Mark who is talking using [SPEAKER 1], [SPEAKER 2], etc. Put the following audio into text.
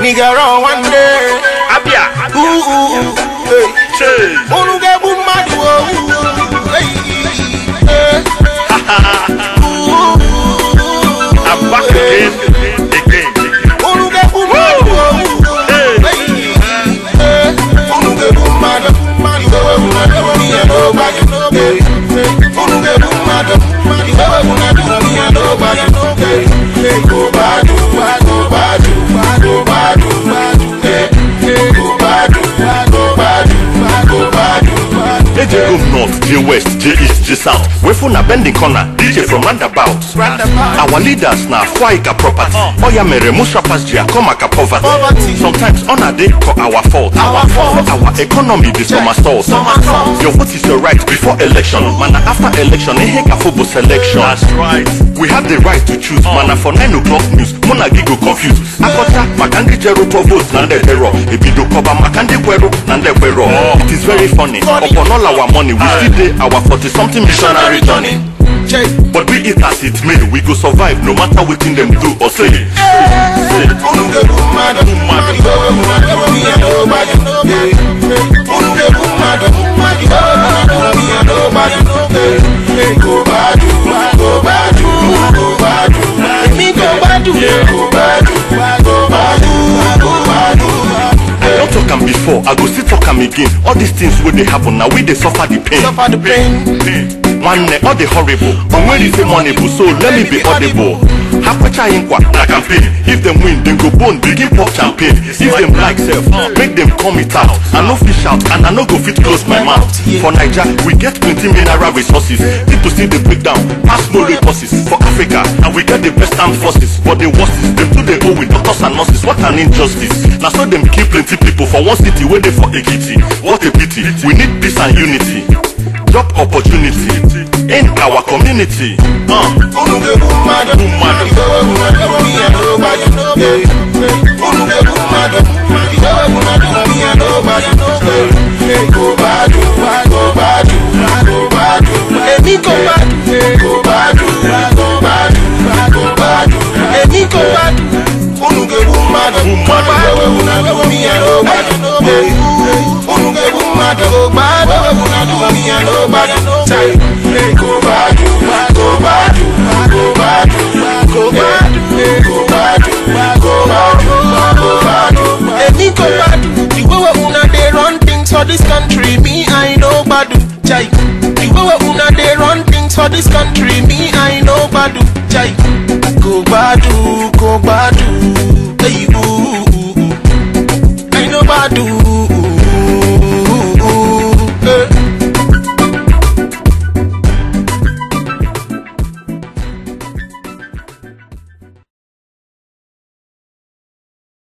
[SPEAKER 1] Nigga, oh, oh, oh. run one day. Abia. Ooh, ooh, ooh. Hey.
[SPEAKER 2] J Gulf North, J West, J East, J South. We for na bending corner, DJ from roundabout. Our leaders na Fuaika property. Oya mere most rappers Jia come poverty. Sometimes on a day for our fault. Our economy this summer stall summer stall your vote is your right before election mana after election eh, heka fobo selection that's right we have the right to choose mana for nine o'clock news monagi gigo confused. Akota makandi jero twelve votes na ndedero ebido koba makandi kwero nande ndekwero it is very funny upon all our money we still dey our forty something missionary journey. But be it as it may, we go survive no matter what them do or say. Hey. Say. before i go still talk am again all these things wey dey happen na we dey suffer di pain nwanne ọ dị horrible o nwere isi money bụ so let me be audible ha kwechaghị nkwa na campaign if dem win dem go bone begin pop champagne if dem like sef make dem come it out i no fit shout and i no go fit close my mouth for naija we get plenty mineral resources people still dey break down pass no resources for africa and we get the best armed forces but the worst is dem too dey owe with doctors and nurses what an injustice na so dem kill plenty people for one city wey dey for ekiti what a pity we need peace and unity job opportunity in our community. Unu uh. bẹ kú mmadụ, iwewe mmadụ, ihe n'ogba ya
[SPEAKER 1] n'oge. Unu bẹ kú mmadụ, iwewe mmadụ, ihe n'ogba ya n'oge. Kò bá dùn, kò bá dùn, kò bá dùn. Èmi kò bá dùn, kò bá dùn, kò bá dùn, kò ya n'oge. go go go The way we run things for this country, me I know badu jai. The way we una run things for this country, me I know badu jai. Go badu, go badu.